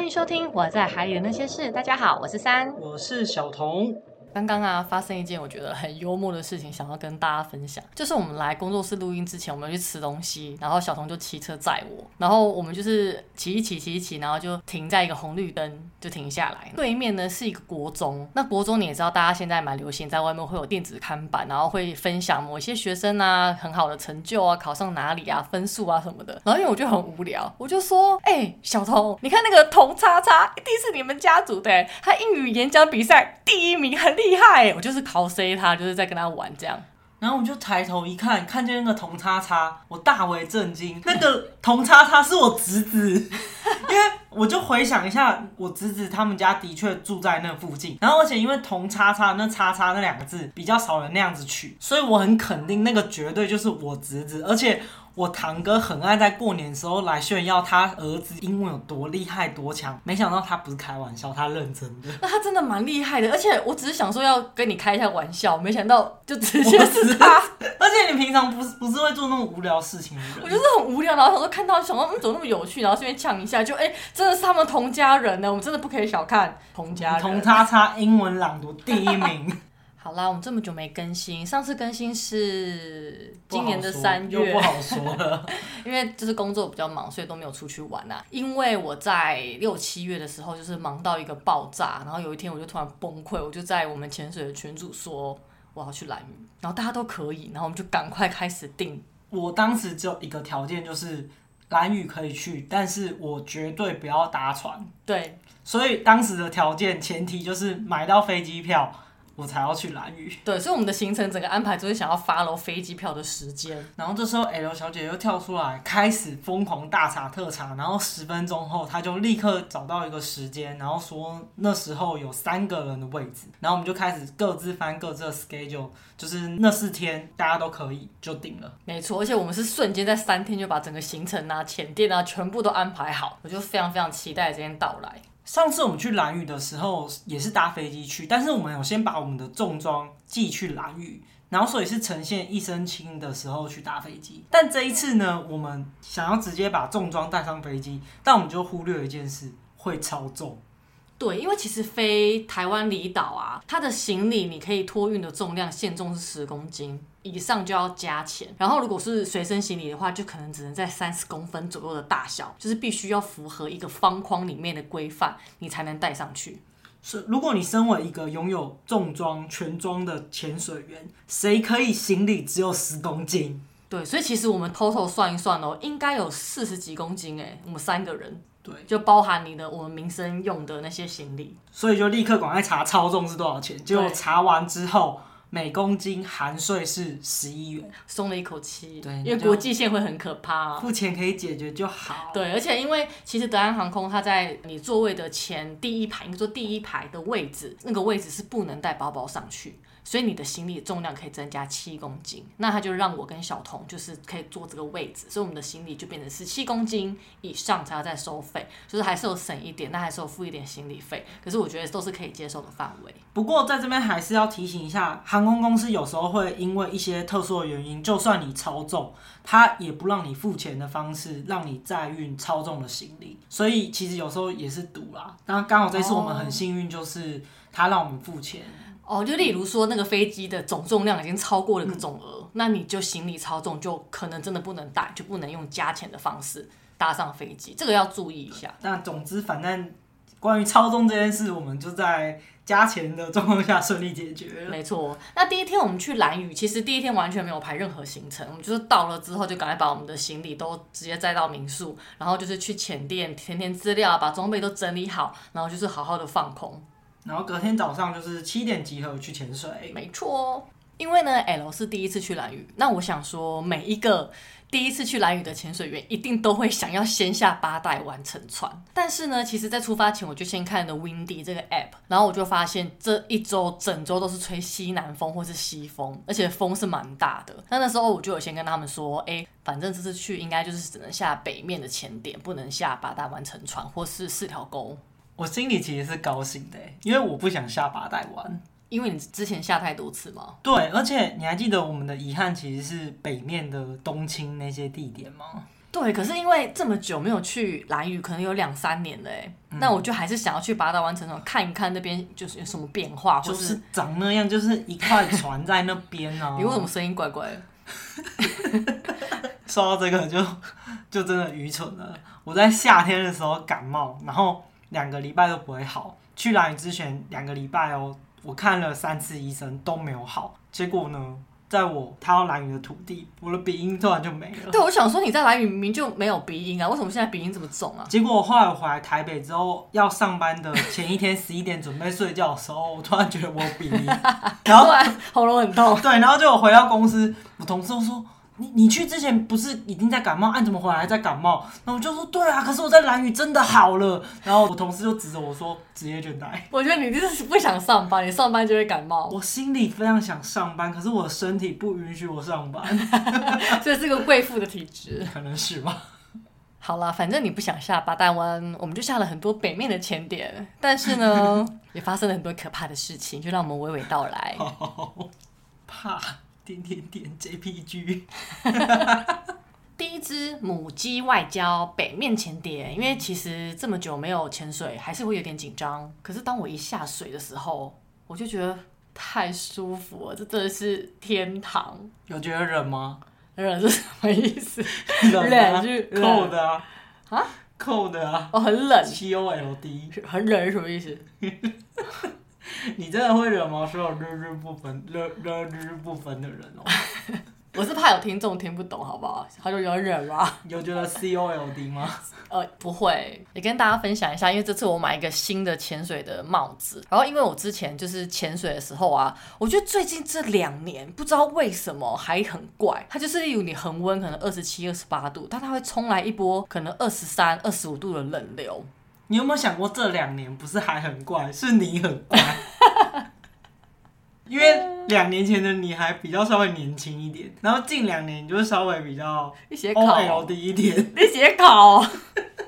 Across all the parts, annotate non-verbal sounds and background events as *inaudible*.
歡迎收聽《我在海裡的那些事》，大家好，我是三，我是小童。剛剛啊，發生一件我覺得很幽默的事情，想要跟大家分享，就是我們來工作室錄音之前，我們去吃東西，然後小童就騎車載我，然後我們就是騎一騎，騎一騎，然後就停在一個紅綠燈，就停下來，對面呢是一個國中，那國中你也知道，大家現在蠻流行在外面會有電子看板，然後會分享某些學生啊很好的成就啊，考上哪裡啊，分數啊什麼的，然後因為我覺得很無聊，我就說，哎、欸，小童，你看那個童叉叉，一定是你們家族的、欸，他英語演講比賽第一名，很。厲害，我就是考 C，他就是在跟他玩這樣。然後我就抬頭一看，看見那個童叉叉，我大為震驚。那個童叉叉是我侄子， *laughs* 因為我就回想一下，我侄子他們家的確住在那附近。然後而且因為童叉叉那叉叉那兩個字比較少人那樣子取，所以我很肯定那個絕對就是我侄子，而且。我堂哥很愛在過年的時候來炫耀，他兒子英文有多厲害多強，沒想到他不是開玩笑，他認真的。那他真的蠻厲害的，而且我只是想說要跟你開一下玩笑，沒想到就直接是他，是，而且你平常不是不是會做那麼無聊事情嗎？我就是很無聊，然後都看到想說嗯，怎麼那麼有趣，然後順便嗆一下，就哎、欸，真的是他們同家人呢，我們真的不可以小看同家人。同叉叉英文朗讀第一名。 *laughs* 好啦，我們這麼久沒更新，上次更新是今年的三月，不好說，又不好說了 *laughs* 因為就是工作比較忙，所以都沒有出去玩啦、啊。因為我在六七月的時候就是忙到一個爆炸，然後有一天我就突然崩潰，我就在我們潛水的群組說我要去蘭嶼，然後大家都可以，然後我們就趕快開始訂。我當時只有一個條件，就是蘭嶼可以去，但是我絕對不要搭船。對，所以當時的條件前提就是買到飛機票。我才要去蘭嶼。對，所以我們的行程整個安排就是想要 follow 飛機票的時間。然後這時候 L 小姐又跳出來，開始瘋狂大查特查。然後十分鐘後，她就立刻找到一個時間，然後說那時候有三個人的位置。然後我們就開始各自翻各自的 schedule，就是那四天大家都可以就定了。沒錯，而且我們是瞬間在三天就把整個行程啊、潛點啊全部都安排好。我就非常非常期待這天到來。上次我們去蘭嶼的時候，也是搭飛機去，但是我們有先把我們的重裝寄去蘭嶼，然後所以是呈現一身輕的時候去搭飛機。但這一次呢，我們想要直接把重裝帶上飛機，但我們就忽略一件事，會超重。對，因為其實飛台灣離島啊，它的行李你可以托運的重量限重是十公斤，以上就要加錢。然後如果是隨身行李的話，就可能只能在三十公分左右的大小，就是必須要符合一個方框裡面的規範，你才能帶上去。是，如果你身為一個擁有重裝全裝的潛水員，誰可以行李只有十公斤？對，所以其實我們 total 算一算哦，應該有四十幾公斤哎，我們三個人。對，就包含你的我們民生用的那些行李，所以就立刻趕快查超重是多少錢。結果查完之後，每公斤含稅是十一元，鬆了一口氣。對，因為國際線會很可怕啊。付錢可以解決就好，好。對，而且因為其實德安航空它在你座位的前第一排，應該說第一排的位置，那個位置是不能帶包包上去。所以你的行李重量可以增加七公斤，那他就讓我跟小童就是可以坐這個位置，所以我們的行李就變成十七公斤以上才要再收費，就是還是有省一點，但還是有付一點行李費。可是我覺得都是可以接受的範圍。不過在這邊還是要提醒一下，航空公司有時候會因為一些特殊的原因，就算你超重，他也不讓你付錢的方式讓你載運超重的行李。所以其實有時候也是賭啦。但剛好這次我們很幸運，就是他讓我們付錢。Oh. 哦，就例如說那個飛機的總重量已經超過了個總額、嗯，那你就行李超重，就可能真的不能帶，就不能用加錢的方式搭上飛機，這個要注意一下。但、嗯、總之，反正關於超重這件事，我們就在加錢的狀況下順利解決。沒錯，那第一天我們去蘭嶼，其實第一天完全沒有排任何行程，我們就是到了之後就趕快把我們的行李都直接載到民宿，然後就是去潛店填填資料，把裝備都整理好，然後就是好好的放空。然後隔天早上就是七點集合去潛水，沒錯。因為呢，L 是第一次去蘭嶼，那我想說，每一個第一次去蘭嶼的潛水員一定都會想要先下八代灣沉船。但是呢，其實在出發前，我就先看了 Windy 這個 app，然後我就發現這一周整周都是吹西南風或是西風，而且風是蠻大的。那那時候我就有先跟他們說，哎，反正這次去應該就是只能下北面的潛點，不能下八代灣沉船或是四條溝。我心裡其實是高興的，因為我不想下八代灣，因為你之前下太多次嘛，對，而且你還記得我們的遺憾其實是北面的東清那些地點嗎？對，可是因為這麼久沒有去蘭嶼，可能有兩三年了，哎、嗯，那我就還是想要去八代灣城看一看那邊就是有什麼變化，就是長那樣，是就是一塊船在那邊啊、喔。 *laughs* 你為什麼聲音怪怪的？ *laughs* 說到這個就就真的愚蠢了。我在夏天的時候感冒，然後。兩個禮拜都不會好。去蘭嶼之前兩個禮拜哦，我看了三次醫生都沒有好。結果呢，在我踏到蘭嶼的土地，我的鼻音突然就沒了。對，我想說你在蘭嶼明明就沒有鼻音啊，為什麼現在鼻音這麼重啊？結果我後來我回來台北之後，要上班的前一天十一點準備睡覺的時候， *laughs* 我突然覺得我鼻音，然後 *laughs* 突然喉嚨很痛。對，然後就我回到公司，我同事都說。你你去之前不是已經在感冒，按怎麼回來還在感冒？然後我就說，對啊，可是我在蘭嶼真的好了。然後我同事就指着我說，職業倦怠。我覺得你就是不想上班，你上班就會感冒。我心裡非常想上班，可是我的身體不允許我上班， *laughs* 這是個貴婦的體質。可能是吧。好了，反正你不想下八達灣，我們就下了很多北面的潛點，但是呢， *laughs* 也發生了很多可怕的事情，就讓我們娓娓道來。好好好。怕。點點點 JPG， *laughs* *laughs* 第一只母雞外交北面潛點，因為其實這麼久沒有潛水，還是會有點緊張。可是當我一下水的時候，我就覺得太舒服了，這真的是天堂。有覺得冷嗎？冷是什麼意思？冷是 cold 啊，啊，cold 啊，我、 *laughs* 啊啊啊哦、很冷，cold，很冷是什麼意思？ *laughs* 你真的會惹毛所有日日不分、日日不分的人哦、喔！ *laughs* 我是怕有聽眾聽不懂，好不好？他就有點忍啦。 *laughs* 有覺得 C O L D 嗎？ *laughs* 呃，不會。也跟大家分享一下，因為這次我買一個新的潛水的帽子。然後，因為我之前就是潛水的時候啊，我覺得最近這兩年不知道為什麼還很怪，它就是例如你恆溫可能二十七、二十八度，但它會衝來一波可能二十三、二十五度的冷流。你有沒有想過，這兩年不是還很怪，是你很怪？ *laughs* 因為兩年前的你還比較稍微年輕一點，然後近兩年你就稍微比較一要考的，一點你寫考，寫考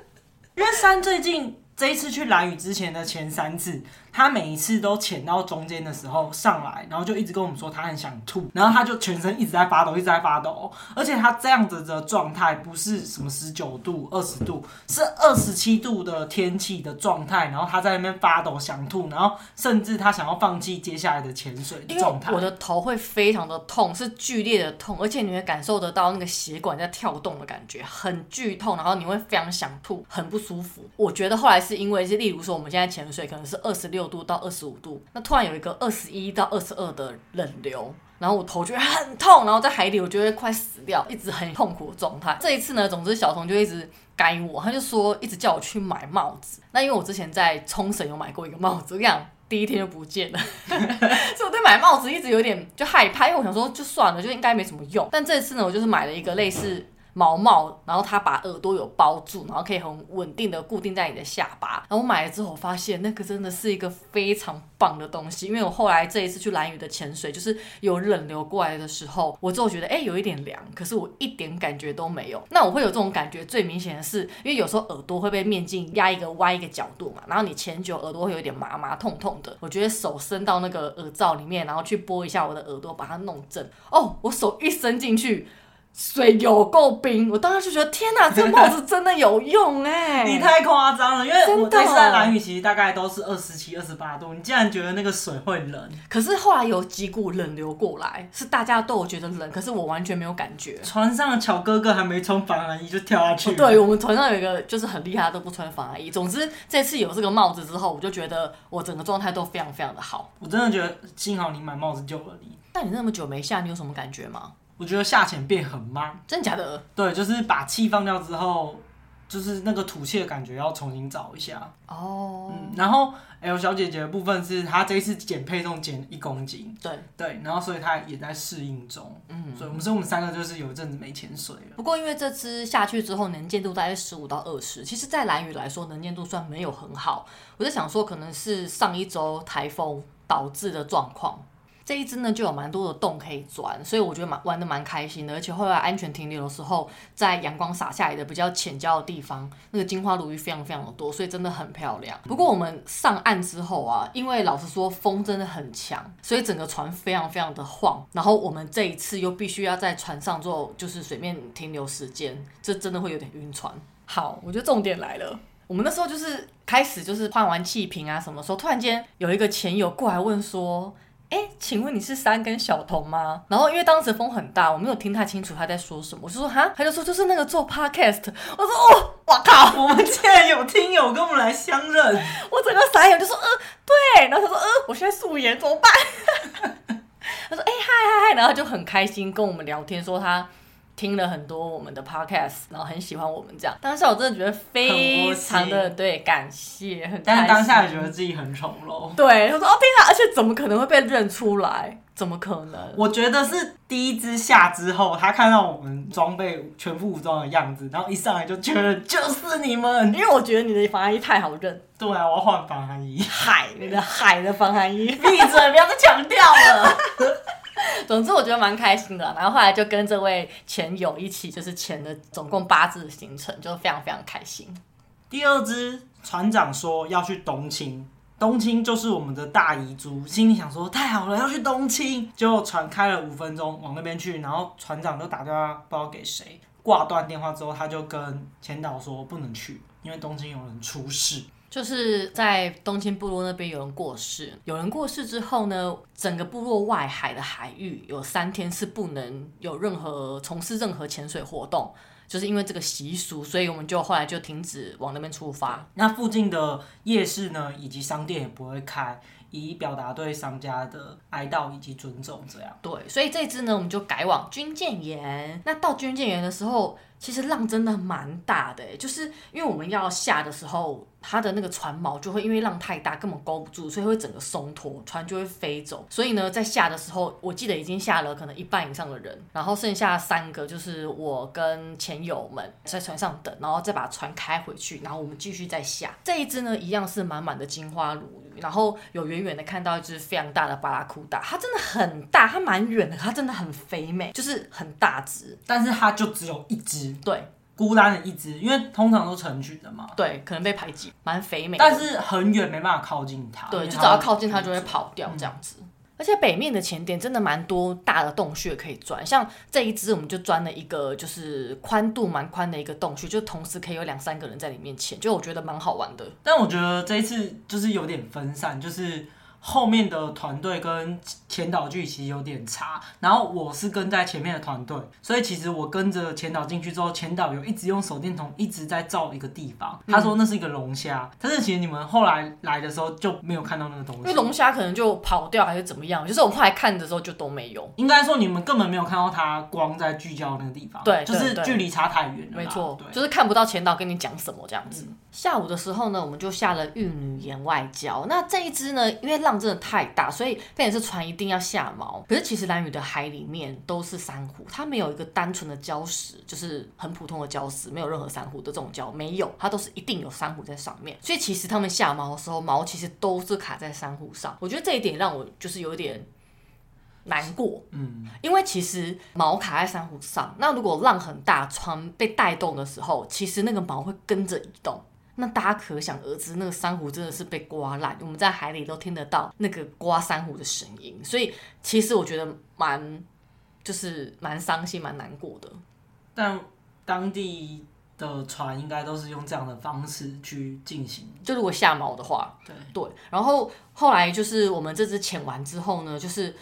*laughs* 因為三最近這一次去蘭嶼之前的前三次。他每一次都潛到中間的時候上來，然後就一直跟我們說他很想吐，然後他就全身一直在發抖，一直在發抖，而且他這樣子的狀態不是什麼十九度、二十度，是二十七度的天氣的狀態，然後他在那邊發抖、想吐，然後甚至他想要放棄接下來的潛水的狀態。因為我的頭會非常的痛，是劇烈的痛，而且你會感受得到那個血管在跳動的感覺，很劇痛，然後你會非常想吐，很不舒服。我覺得後來是因為是，例如說我們現在潛水可能是二十六。六度到二十五度，那突然有一個二十一到二十二的冷流，然後我頭就會很痛，然後在海裡我就會快死掉，一直很痛苦的狀態。這一次呢，總之小童就一直該我，他就說一直叫我去買帽子。那因為我之前在沖繩有買過一個帽子，我想第一天就不見了， *laughs* *laughs* 所以我對買帽子一直有點就害怕，因為我想說就算了，就應該沒什麼用。但這次呢，我就是買了一個類似。毛帽，然後它把耳朵有包住，然後可以很穩定的固定在你的下巴。然後我買了之後，發現那個真的是一個非常棒的東西。因為我後來這一次去蘭嶼的潛水，就是有冷流過來的時候，我之後覺得哎、欸、有一點涼，可是我一點感覺都沒有。那我會有這種感覺，最明顯的是，因為有時候耳朵會被面鏡壓一個歪一個角度嘛，然後你潛久耳朵會有點麻麻痛痛的。我覺得手伸到那個耳罩裡面，然後去撥一下我的耳朵，把它弄正。哦，我手一伸進去。水有夠冰，我當時就覺得天哪，這帽子真的有用哎、欸！ *laughs* 你太誇張了，因為我這次在蘭嶼其實大概都是二十七、二十八度，你竟然覺得那個水會冷？可是後來有幾股冷流過來，是大家都有覺得冷，可是我完全沒有感覺。船上的小哥哥還沒穿防寒衣就跳下去了。對，我們船上有一個就是很厲害，都不穿防寒衣。總之，這次有這個帽子之後，我就覺得我整個狀態都非常非常的好。我真的覺得幸好你買帽子救了你。但你那麼久沒下，你有什麼感覺嗎？我覺得下潛變很慢。真假的？對，就是把氣放掉之後，就是那個吐氣的感覺要重新找一下。哦、oh. 嗯，然後 L 小姐姐的部分是她這一次減配重減一公斤，對對，然後所以她也在適應中。嗯，所以我們說我們三個就是有一陣子沒潛水了。不過因為這次下去之後能見度大約十五到二十，其實，在蘭嶼來說能見度算沒有很好。我就想說可能是上一周台風導致的狀況。這一只呢，就有蠻多的洞可以鑽，所以我覺得蠻玩得蠻開心的。而且後來安全停留的時候，在陽光灑下來的比較淺礁的地方，那個金花鱸魚非常非常的多，所以真的很漂亮。不過我們上岸之後啊，因為老實說風真的很強，所以整個船非常非常的晃。然後我們這一次又必須要在船上做就是水面停留時間，這真的會有點暈船。好，我覺得重點來了，我們那時候就是開始就是換完氣瓶啊什麼的時候，突然間有一個潛友過來問說。哎，請問你是姍跟小童嗎？然後因為當時風很大，我沒有聽太清楚他在說什麼，我就說哈，他就說就是那個做 podcast，我說哦，我靠，我們竟然有聽友跟我們來相認， *laughs* 我整個傻眼，就說呃對，然後他說呃，我現在素顏怎麼辦？ *laughs* 他說哎嗨嗨嗨，然後就很開心跟我們聊天，說他。聽了很多我們的 Podcast，然後很喜歡我們這樣。當下我真的覺得非常的很對感謝，很但是當下也覺得自己很醜陋。對，他說哦天啊，而且怎麼可能會被認出來？怎麼可能？我覺得是第一支下之後，他看到我們裝備全副武裝的樣子，然後一上來就覺得就是你們。因為我覺得你的防寒衣太好認。對啊，我要換防寒衣，海那個海的防寒衣。閉 *laughs* 嘴，不要再強調了。 *laughs* 總之我覺得蠻開心的，然後後來就跟這位潛友一起就是潛的總共八次的行程，就非常非常開心。第二支船長說要去東清，東清就是我們的大遺珠，心裡想說太好了，要去東清，就船開了五分鐘往那邊去，然後船長就打電話不知道給誰，掛斷電話之後他就跟潛導說不能去，因為東清有人出事。就是在東清部落那邊有人過世，有人過世之後呢，整個部落外海的海域有三天是不能有任何從事任何潛水活動，就是因為這個習俗，所以我們就後來就停止往那邊出發。那附近的夜市呢，以及商店也不會開，以表達對商家的哀悼以及尊重。這樣對，所以這次呢，我們就改往軍艦岩。那到軍艦岩的時候。其實浪真的蠻大的欸，就是因為我們要下的時候，它的那個船錨就會因為浪太大，根本勾不住，所以會整個鬆脫，船就會飛走。所以呢，在下的時候，我記得已經下了可能一半以上的人，然後剩下三個就是我跟潛友們在船上等，然後再把船開回去，然後我們繼續再下。這一只呢，一樣是滿滿的金花鱸魚，然後有遠遠的看到一隻非常大的巴拉庫達，它真的很大，它蠻遠的，它真的很肥美，就是很大隻，但是它就只有一隻。對，孤單的一隻，因為通常都成群的嘛。對，可能被排擠，蠻肥美，但是很遠沒辦法靠近它。對，就只要靠近它就會跑掉這樣子。嗯、而且北面的潛點真的蠻多大的洞穴可以鑽，像這一只我們就鑽了一個就是寬度蠻寬的一個洞穴，就同時可以有兩三個人在裡面潛，就我覺得蠻好玩的。但我覺得這一次就是有點分散，就是。後面的團隊跟前導距離其實有點差，然後我是跟在前面的團隊，所以其實我跟着前導進去之後，前導有一直用手電筒一直在照一個地方，嗯、他說那是一個龍蝦，但是其實你們後來來的時候就沒有看到那個東西，因為龍蝦可能就跑掉還是怎麼樣，就是我們後來看的時候就都沒有。應該說你們根本沒有看到它光在聚焦那個地方，對、嗯，就是距離差太遠了，沒錯，就是看不到前導跟你講什麼這樣子、嗯。下午的時候呢，我們就下了玉女岩外礁。那這一支呢，因為浪。真的太大，所以這也是船一定要下錨。可是其實蘭嶼的海裡面都是珊瑚，它沒有一個單純的礁石，就是很普通的礁石，沒有任何珊瑚的這種礁沒有，它都是一定有珊瑚在上面。所以其實他們下錨的時候，錨其實都是卡在珊瑚上。我覺得這一點讓我就是有點難過，嗯，因為其實錨卡在珊瑚上，那如果浪很大，船被帶動的時候，其實那個錨會跟着移動。那大家可想而知，那個珊瑚真的是被刮爛。我們在海裡都聽得到那個刮珊瑚的聲音，所以其實我覺得蠻，就是蠻傷心、蠻難過的。但當地的船應該都是用這樣的方式去進行，就如果下錨的話，對對。然後後來就是我們這支潛完之後呢，就是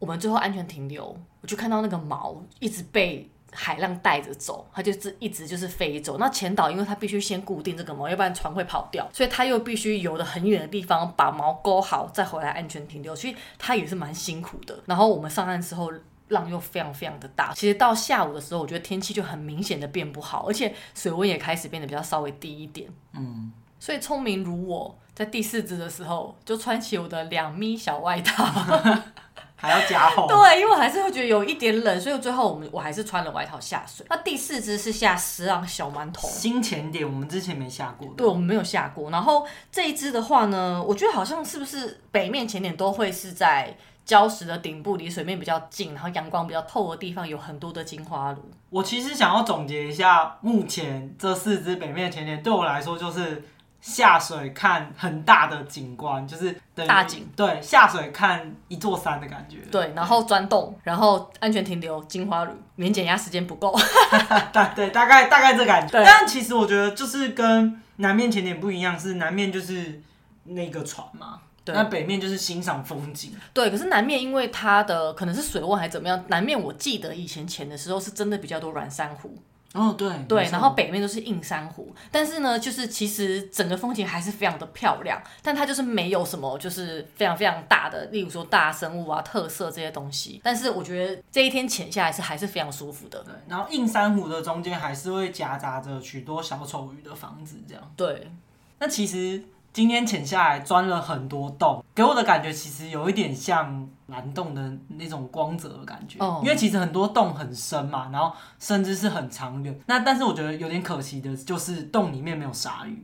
我們最後安全停留，我就看到那個錨一直被海浪帶着走，它就是一直就是飛走。那潛導因為它必須先固定這個錨，要不然船會跑掉，所以它又必須游得很遠的地方把錨勾好，再回來安全停留，所以它也是蠻辛苦的。然後我們上岸之後，浪又非常非常的大。其實到下午的時候，我覺得天氣就很明顯的變不好，而且水溫也開始變得比較稍微低一點。嗯，所以聰明如我在第四支的時候就穿起我的兩米小外套。 *laughs* 還要加厚，對，因為我還是會覺得有一點冷，所以最後我們我還是穿了外套下水。那第四只是下十郎小饅頭新潛點，我們之前沒下過，對，我們沒有下過。然後這一只的話呢，我覺得好像是不是北面潛點都會是在礁石的頂部，離水面比較近，然後陽光比較透的地方，有很多的金花鱸。我其實想要總結一下，目前這四只北面潛點對我來說就是。下水看很大的景觀，就是大景。對，下水看一座山的感覺。對，然後鑽洞、嗯，然後安全停留金花鱸免減壓時間不夠。 *laughs* *laughs* 對，大概大概這感覺。但其實我覺得就是跟南面前點不一樣，是南面就是那個船嘛，那北面就是欣賞風景。對，可是南面因為它的可能是水溫還怎麼樣，南面我記得以前前的時候是真的比較多軟珊瑚。哦，對對，然後北面都是硬珊瑚，但是呢，就是其實整個風景還是非常的漂亮，但它就是沒有什麼，就是非常非常大的，例如說大生物啊、特色這些東西。但是我覺得這一天潛下來是還是非常舒服的。對，然後硬珊瑚的中間還是會夾雜着許多小丑魚的房子，這樣。對，那其實。今天潛下來鑽了很多洞，給我的感覺其實有一點像藍洞的那種光澤的感覺。哦、嗯，因為其實很多洞很深嘛，然後甚至是很長遠。那但是我覺得有點可惜的就是洞裡面沒有鯊魚。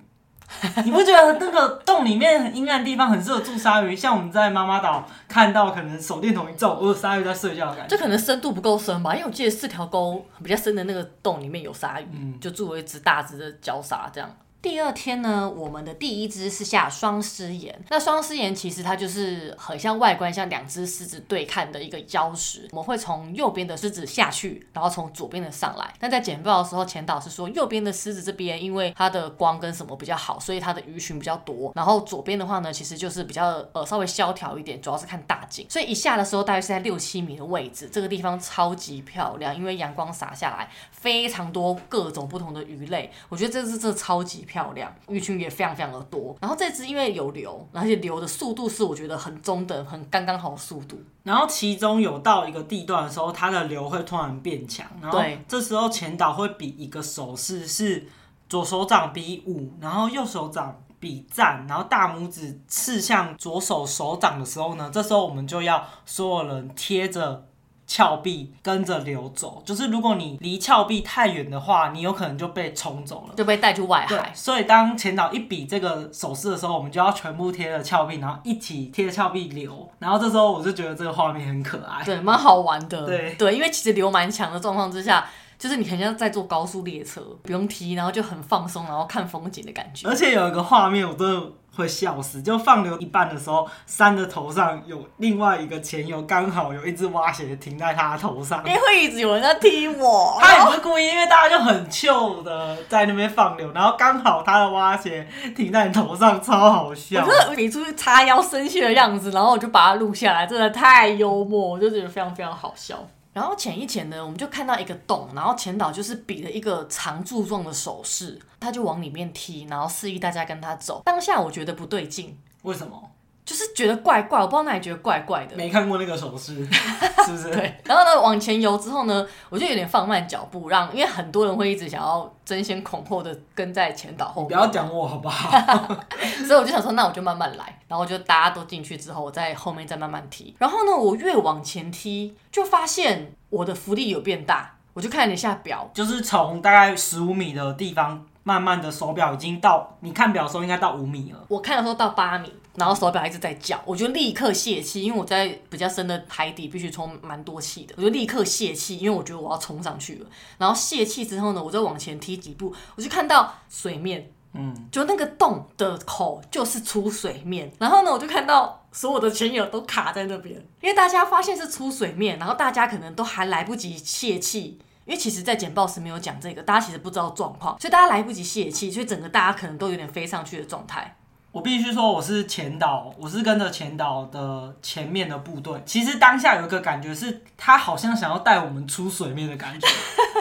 *laughs* 你不覺得那個洞裡面很陰暗的地方很適合住鯊魚？像我們在媽媽島看到，可能手電筒一照，有鯊魚在睡覺的感覺。這可能深度不夠深吧？因為我記得四條溝比較深的那個洞裡面有鯊魚，嗯、就住了一隻大隻的礁鯊這樣。第二天呢，我們的第一隻是下雙獅岩。那雙獅岩其實它就是很像外觀像兩隻獅子對看的一個礁石。我們會從右邊的獅子下去，然後從左邊的上來。那在簡報的時候，潛導是說，右邊的獅子這邊因為它的光跟什麼比較好，所以它的魚群比較多。然後左邊的話呢，其實就是比較呃稍微蕭條一點，主要是看大景。所以一下的時候，大約是在六七米的位置，這個地方超級漂亮，因為陽光灑下來，非常多各種不同的魚類。我覺得這是這超級漂亮。漂亮，魚群也非常非常的多。然後這只因為有流，而且流的速度是我覺得很中等，很剛剛好的速度。然後其中有到一個地段的時候，它的流會突然變強。然後這時候前導會比一個手勢，是左手掌比五，然後右手掌比讚，然後大拇指刺向左手手掌的時候呢，這時候我們就要所有人貼着峭壁跟着流走，就是如果你離峭壁太遠的話，你有可能就被沖走了，就被帶出外海。對，所以當前導一比這個手勢的時候，我們就要全部貼了峭壁，然後一起貼峭壁流。然後這時候我就覺得這個畫面很可愛，對，蠻好玩的。對對，因為其實流蠻強的狀況之下，就是你很像在坐高速列車，不用踢，然後就很放鬆，然後看風景的感覺。而且有一個畫面，我真的。會笑死！就放流一半的時候，珊的頭上有另外一個潛友剛好有一只蛙鞋停在他的頭上。因、欸、為會一直有人在踢我，他也不是故意，因為大家就很糗的在那邊放流，然後剛好他的蛙鞋停在你頭上，超好笑。就是你出去叉腰生氣的樣子，然後我就把它錄下來，真的太幽默，我就覺得非常非常好笑。然後潛一潛呢，我們就看到一個洞，然後潛導，就是比了一個長柱狀的手勢，他就往裡面踢，然後示意大家跟他走。當下我覺得不對勁，為什麼？就是覺得怪怪，我不知道哪裡覺得怪怪的。沒看過那個手勢， *laughs* 是不是？ *laughs* 對。然後呢，往前游之後呢，我就有點放慢腳步，讓因為很多人會一直想要爭先恐後的跟在前導後面。你不要講我好不好？ *laughs* *laughs* 所以我就想說，那我就慢慢來。然後就大家都進去之後，我在後面再慢慢踢。然後呢，我越往前踢，就發現我的浮力有變大。我就看了一下表，就是從大概十五米的地方，慢慢的手錶已經到，你看錶的時候應該到五米了。我看的時候到八米。然後手表一直在叫，我就立刻洩氣，因為我在比較深的海底，必須充蠻多氣的。我就立刻洩氣，因為我覺得我要衝上去了。然後洩氣之後呢，我再往前踢幾步，我就看到水面，嗯，就那個洞的口就是出水面。然後呢，我就看到所有的潛友都卡在那邊，因為大家發現是出水面，然後大家可能都還來不及洩氣，因為其實在簡報時沒有講這個，大家其實不知道狀況，所以大家來不及洩氣，所以整個大家可能都有點飛上去的狀態。我必須說，我是潛導，我是跟着潛導的前面的部隊。其實當下有一個感覺是，他好像想要帶我們出水面的感覺。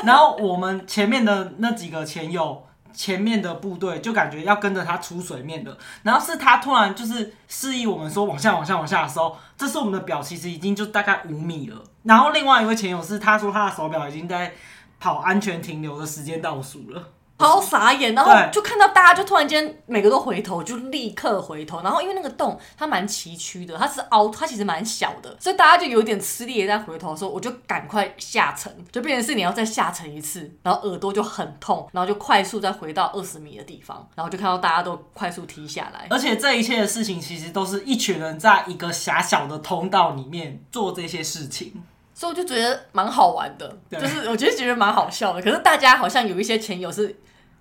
然後我們前面的那幾個潛友，前面的部隊就感覺要跟着他出水面的。然後是他突然就是示意我們說，往下、往下、往下的時候，這是我們的表，其實已經就大概五米了。然後另外一位潛友是他說他的手錶已經在跑安全停留的時間倒數了。好傻眼，然後就看到大家就突然間每個都回頭，就立刻回頭。然後因為那個洞它蠻崎嶇的，它是凹，它其實蠻小的，所以大家就有點吃力，也在回頭的時候，我就趕快下沉，就變成是你要再下沉一次，然後耳朵就很痛，然後就快速再回到二十米的地方，然後就看到大家都快速踢下來。而且這一切的事情其實都是一群人在一個狹小的通道裡面做這些事情，所以我就覺得蠻好玩的，就是我覺得覺得蠻好笑的。可是大家好像有一些潛友是。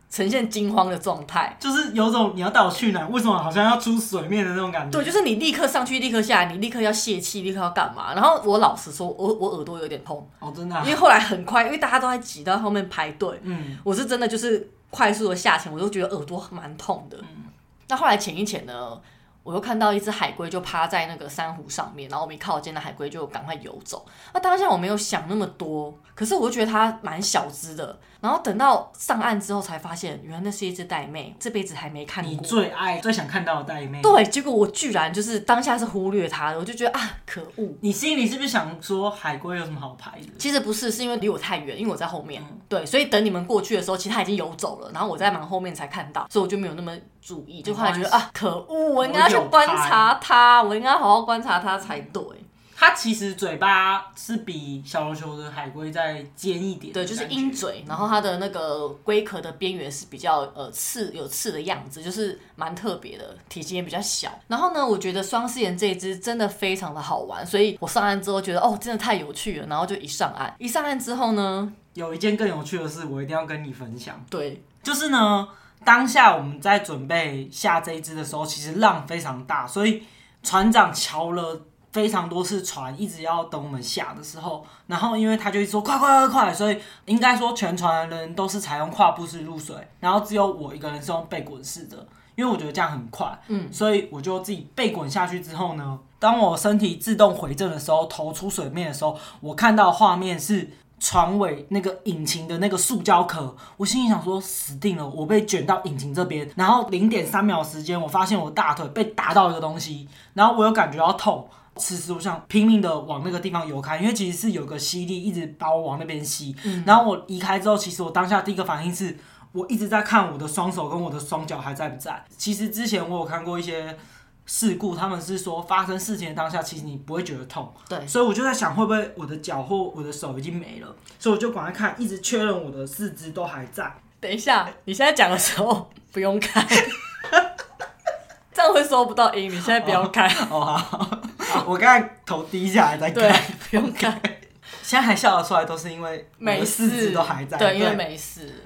呈現驚慌的狀態，就是有種你要帶我去哪兒？為什麼好像要出水面的那種感覺？對，就是你立刻上去，立刻下來，你立刻要洩氣，立刻要幹嘛？然後我老實說，我我耳朵有點痛哦，真的啊，因為後來很快，因為大家都在擠到後面排隊，嗯，我是真的就是快速的下潛，我就覺得耳朵還蠻痛的。嗯。那後來潛一潛呢，我又看到一隻海龜就趴在那個珊瑚上面，然後我們一靠近，那海龜就趕快游走。那當下我沒有想那麼多，可是我就覺得它蠻小隻的。然後等到上岸之後，才發現原來那是一只玳瑁，這輩子還沒看過。你最愛、最想看到的玳瑁。對，結果我居然就是當下是忽略它，我就覺得啊，可惡！你心裡是不是想說海龜有什麼好拍的？其實不是，是因為離我太遠，因為我在後面。嗯、對，所以等你們過去的時候，其實他已經游走了，然後我在忙後面才看到，所以我就沒有那麼注意，就後來覺得、嗯、啊，可惡！我應該要去觀察它，我應該好好觀察它才對。嗯它其實嘴巴是比小絨球的海龜再尖一點，對，就是鷹嘴。嗯、然後它的那個龜殼的邊緣是比較呃刺有刺的樣子，就是蠻特別的，體型也比較小。然後呢，我覺得雙獅岩這一隻真的非常的好玩，所以我上岸之後覺得哦，真的太有趣了，然後就一上岸，一上岸之後呢，有一件更有趣的事，我一定要跟你分享。對，就是呢，當下我們在準備下這一隻的時候，其實浪非常大，所以船長瞧了。非常多次，船一直要等我們下的時候，然後因為他就一直說快快快快，所以應該說全船的人都是採用跨步式入水，然後只有我一個人是用背滾式的，因為我覺得這樣很快，嗯，所以我就自己背滾下去之後呢，當我身體自動回正的時候，頭出水面的時候，我看到畫面是船尾那個引擎的那個塑膠殼，我心裡想說死定了，我被捲到引擎這邊，然後零點三秒時間，我發現我大腿被打到一個東西，然後我又感覺到痛。此時我想拼命的往那個地方游開，因為其實是有個吸力一直把我往那邊吸。嗯。然後我移開之後，其實我當下第一個反應是我一直在看我的雙手跟我的雙腳還在不在。其實之前我有看過一些事故，他們是說發生事情的當下，其實你不會覺得痛。對。所以我就在想，會不會我的腳或我的手已經沒了？所以我就趕快看，一直確認我的四肢都還在。等一下，你現在講的時候不用看。 *laughs* 這樣會收不到音，你現在不要開。不、oh, oh, oh, oh. *laughs* 好，我剛才頭低下來在開， *laughs* 對 okay. 不用開。現在還笑得出來，都是因為沒事。四肢都還在對，對，因為沒事。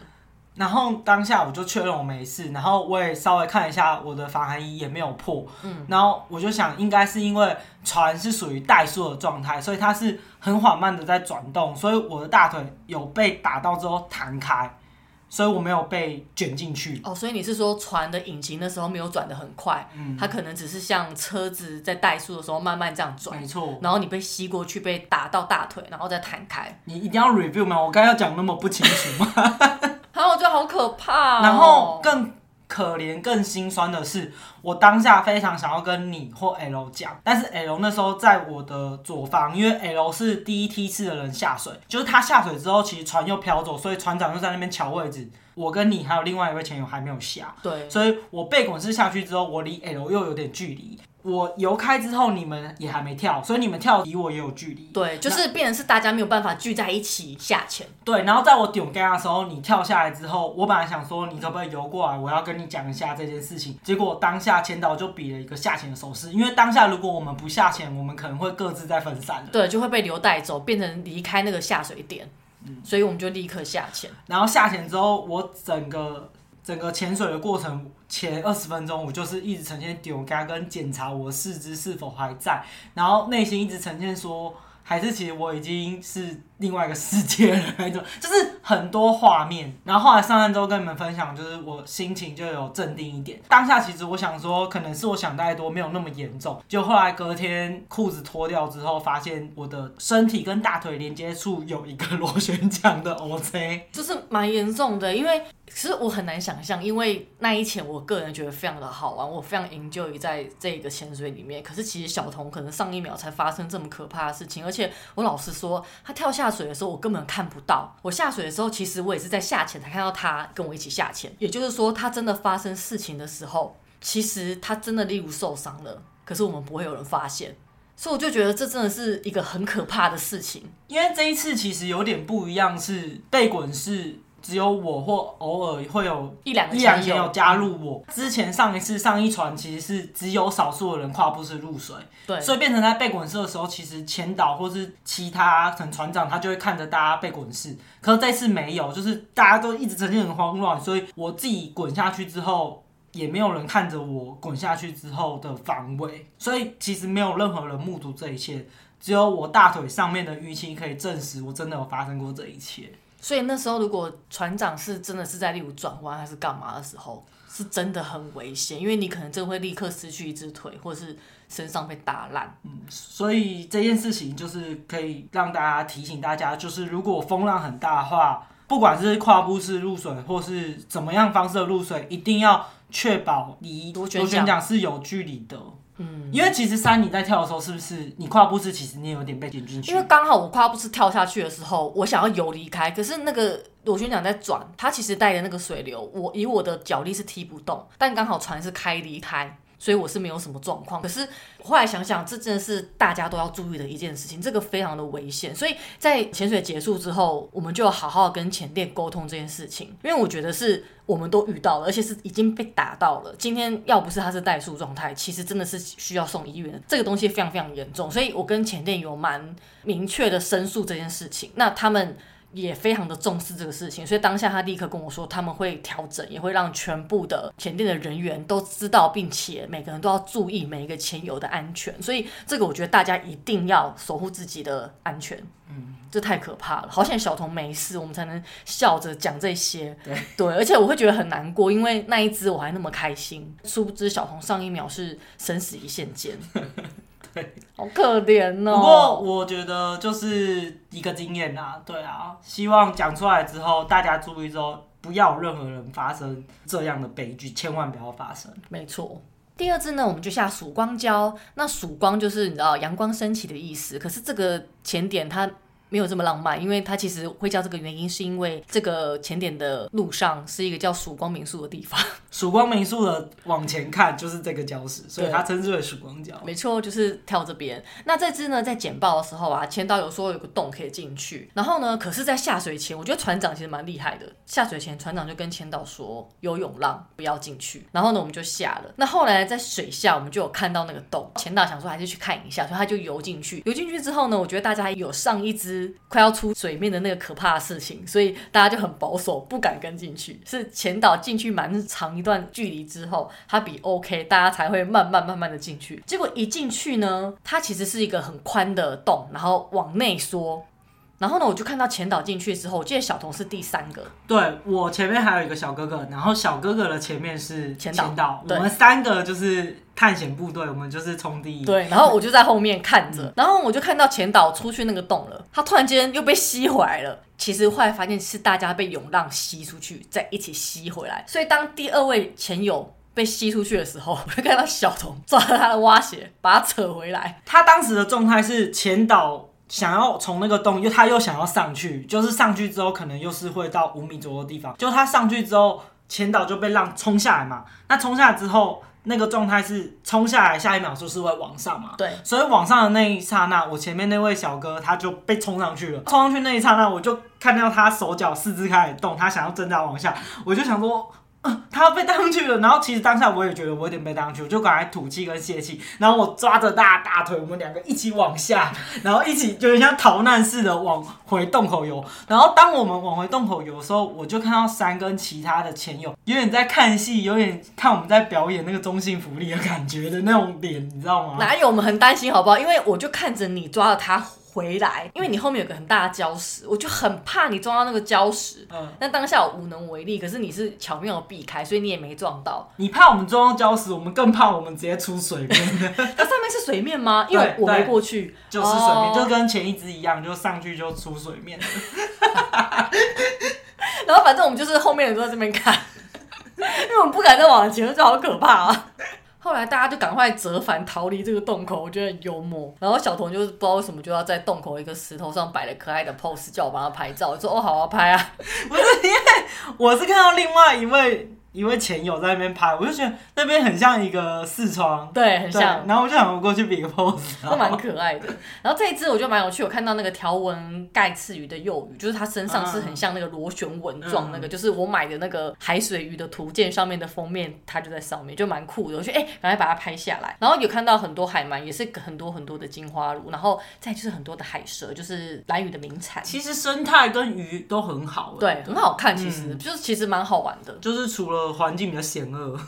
然後當下我就確認我沒事，然後我也稍微看一下我的防寒衣也沒有破，嗯，然後我就想應該是因為船是屬於怠速的狀態，所以它是很緩慢的在轉動，所以我的大腿有被打到之後彈開。所以我沒有被捲進去。哦，所以你是說船的引擎那時候沒有轉得很快？嗯，它可能只是像車子在怠速的時候慢慢這樣轉。沒錯。然後你被吸過去，被打到大腿，然後再彈開。你一定要 review 嗎？我剛要講那麼不清楚嗎？然 *laughs* 後。 *laughs* 啊，我覺得好可怕哦。然後更。可憐更心酸的是，我當下非常想要跟你或 L 講，但是 L 那時候在我的左方，因為 L 是第一梯次的人下水，就是他下水之後，其實船又漂走，所以船長又在那邊搶位置。我跟你還有另外一位潛友還沒有下，對，所以我背滾式下去之後，我離 L 又有點距離。我游開之後，你們也還沒跳，所以你們跳離我也有距離。對，就是變成是大家沒有辦法聚在一起下潛。對，然後在我頂桿的時候，你跳下來之後，我本來想說你可不可以游過來，我要跟你講一下這件事情。結果當下潛導就比了一個下潛的手勢，因為當下如果我們不下潛，我們可能會各自在分散。對，就會被流帶走，變成離開那個下水點，嗯。所以我們就立刻下潛。然後下潛之後，我整個。整個潛水的過程，前二十分鐘我就是一直呈現丟咖，跟檢查我四肢是否還在，然後內心一直呈現說，還是其實我已經是。另外一個世界 *laughs* 就是很多畫面。然後後來上岸之後跟你們分享，就是我心情就有鎮定一點。當下其實我想說，可能是我想太多，沒有那麼嚴重。就後來隔天褲子脫掉之後，發現我的身體跟大腿連接處有一個螺旋槳的凹槽，就是蠻嚴重的。因為其實我很難想象，因為那一潛我個人覺得非常的好玩，我非常享受在這個潛水裡面。可是其實小童可能上一秒才發生這麼可怕的事情，而且我老實說，他跳下。下水的時候，我根本看不到。我下水的時候，其實我也是在下潛，才看到他跟我一起下潛。也就是說，他真的發生事情的時候，其實他真的例如受傷了，可是我們不會有人發現。所以我就覺得這真的是一個很可怕的事情。因為這一次其實有點不一樣，是被滾是。只有我或偶爾會有一兩個才有一兩個才有加入我、嗯。之前上一次上一船其實是只有少數的人跨步式入水，對，所以變成在背滾式的時候，其實潛導或是其他船長他就會看着大家背滾式。可是這次沒有，就是大家都一直呈現很慌亂，所以我自己滾下去之後，也沒有人看着我滾下去之後的防衛。所以其實沒有任何人目睹這一切，只有我大腿上面的淤青可以證實我真的有發生過這一切。所以那時候，如果船長是真的是在例如轉彎還是幹嘛的時候，是真的很危險，因為你可能真會立刻失去一隻腿，或者是身上被打爛。嗯，所以這件事情就是可以讓大家提醒大家，就是如果風浪很大的話，不管是跨步式入水，或是怎麼樣方式入水，一定要確保離螺旋槳是有距離的。.嗯，因為其實山，你在跳的時候，是不是你跨步式其實你有點被頂進去？因為剛好我跨步式跳下去的時候，我想要游離開，可是那個螺旋槳在轉，它其實帶的那個水流，我以我的腳力是踢不動，但剛好船是開離開。所以我是沒有什麼狀況，可是我後來想想，這真的是大家都要注意的一件事情，這個非常的危險。所以在潛水結束之後，我們就好好跟潛店溝通這件事情，因為我覺得是我們都遇到了，而且是已經被打到了。今天要不是他是怠速狀態，其實真的是需要送醫院，這個東西非常非常嚴重。所以我跟潛店有蠻明確的申訴這件事情，那他們，也非常的重視這個事情，所以當下他立刻跟我說他們會調整，也會讓全部的潛店的人員都知道，並且每個人都要注意每一個潛友的安全。所以這個我覺得大家一定要守護自己的安全。嗯，這太可怕了。好險小童沒事，我們才能笑着講這些。對，對。而且我會覺得很難過，因為那一只我還那麼開心，殊不知小童上一秒是生死一線間。 *laughs* *laughs* 好可憐哦！不過我覺得就是一個經驗啊，對啊，希望講出來之後，大家注意之後，不要任何人發生這樣的悲劇，千萬不要發生。沒錯，第二次呢，我們就下曙光礁，那曙光就是你知道陽光升起的意思，可是這個潛點它。沒有這麼浪漫，因為他其實會叫這個原因，是因為這個潛點的路上是一個叫曙光民宿的地方。曙光民宿的往前看就是這個礁石，所以它稱之為曙光礁。沒錯，就是跳這邊。那這支呢，在簡報的時候啊，潛導有說有個洞可以進去，然後呢，可是在下水前，我覺得船長其實蠻厲害的。下水前，船長就跟潛導說，有湧浪不要進去。然後呢，我們就下了。那後來在水下，我們就有看到那個洞。潛導想說還是去看一下，所以他就游進去。游進去之後呢，我覺得大家還有上一支快要出水面的那個可怕的事情，所以大家就很保守，不敢跟進去。是潛導進去蠻長一段距離之後，他比 OK，大家才會慢慢慢慢的進去。結果一進去呢，它其實是一個很寬的洞，然後往內縮。然後呢，我就看到潛導進去之後，我記得小童是第三個，對，我前面還有一個小哥哥，然後小哥哥的前面是潛導，我們三個就是探險部隊，我們就是衝第一。對，然後我就在後面看着，嗯、然後我就看到潛導出去那個洞了，他突然間又被吸回來了。其實後來發現是大家被湧浪吸出去，再一起吸回來。所以當第二位潛友被吸出去的時候，我就看到小童抓了他的蛙鞋，把他扯回來。他當時的狀態是潛導。想要從那個洞，又他又想要上去，就是上去之後可能又是會到五米左右的地方。就他上去之後，潛導就被浪衝下來嘛。那衝下來之後，那個狀態是衝下來，下一秒就是會往上嘛。對，所以往上的那一剎那，我前面那位小哥他就被衝上去了。衝上去那一剎那，我就看到他手腳四肢開始動，他想要掙扎往下，我就想說。呃、他要被盪去了，然後其實當下我也覺得我有點被盪去，我就趕快吐氣跟洩氣，然後我抓着大大腿，我們兩個一起往下，然後一起就有點像逃難似的往回洞口游。然後當我們往回洞口游的時候，我就看到山跟其他的潛友有點在看戲，有點看我們在表演那個中性浮力的感覺的那種臉，你知道嗎？哪有？我們很擔心，好不好？因為我就看着你抓了他。回來，因為你後面有個很大的礁石，我就很怕你撞到那個礁石。嗯，但當下我無能為力，可是你是巧妙的避開，所以你也沒撞到。你怕我們撞到礁石，我們更怕我們直接出水面。 *laughs* 它上面是水面嗎？因為我，我沒過去，就是水面，哦、就跟前一支一樣，就上去就出水面。 *laughs* 然後反正我們就是後面人都在這邊看，因為我們不敢再往前，就好可怕啊。後來大家就趕快折返逃離這個洞口，我覺得很幽默。然後小童就是不知道為什麼就要在洞口一個石頭上擺了可愛的 pose，叫我幫他拍照，我說哦好好拍啊。不是因為我是看到另外一位。因為潛友在那邊拍，我就覺得那邊很像一個四川，對，很像。然後我就想過去比個 pose，都蠻可愛的。然後這一只我就蠻有趣，我看到那個條紋蓋刺魚的幼魚，就是它身上是很像那個螺旋紋狀，那個、嗯、就是我買的那個海水魚的圖鑑上面的封面，它就在上面，就蠻酷的。我就哎、欸，趕快把它拍下來。然後有看到很多海鰻，也是很多很多的金花鱸，然後再就是很多的海蛇，就是蘭嶼的名產。其實生態跟魚都很好，對，很好看，其實、嗯、就是其實蠻好玩的，就是除了。環境比較險惡，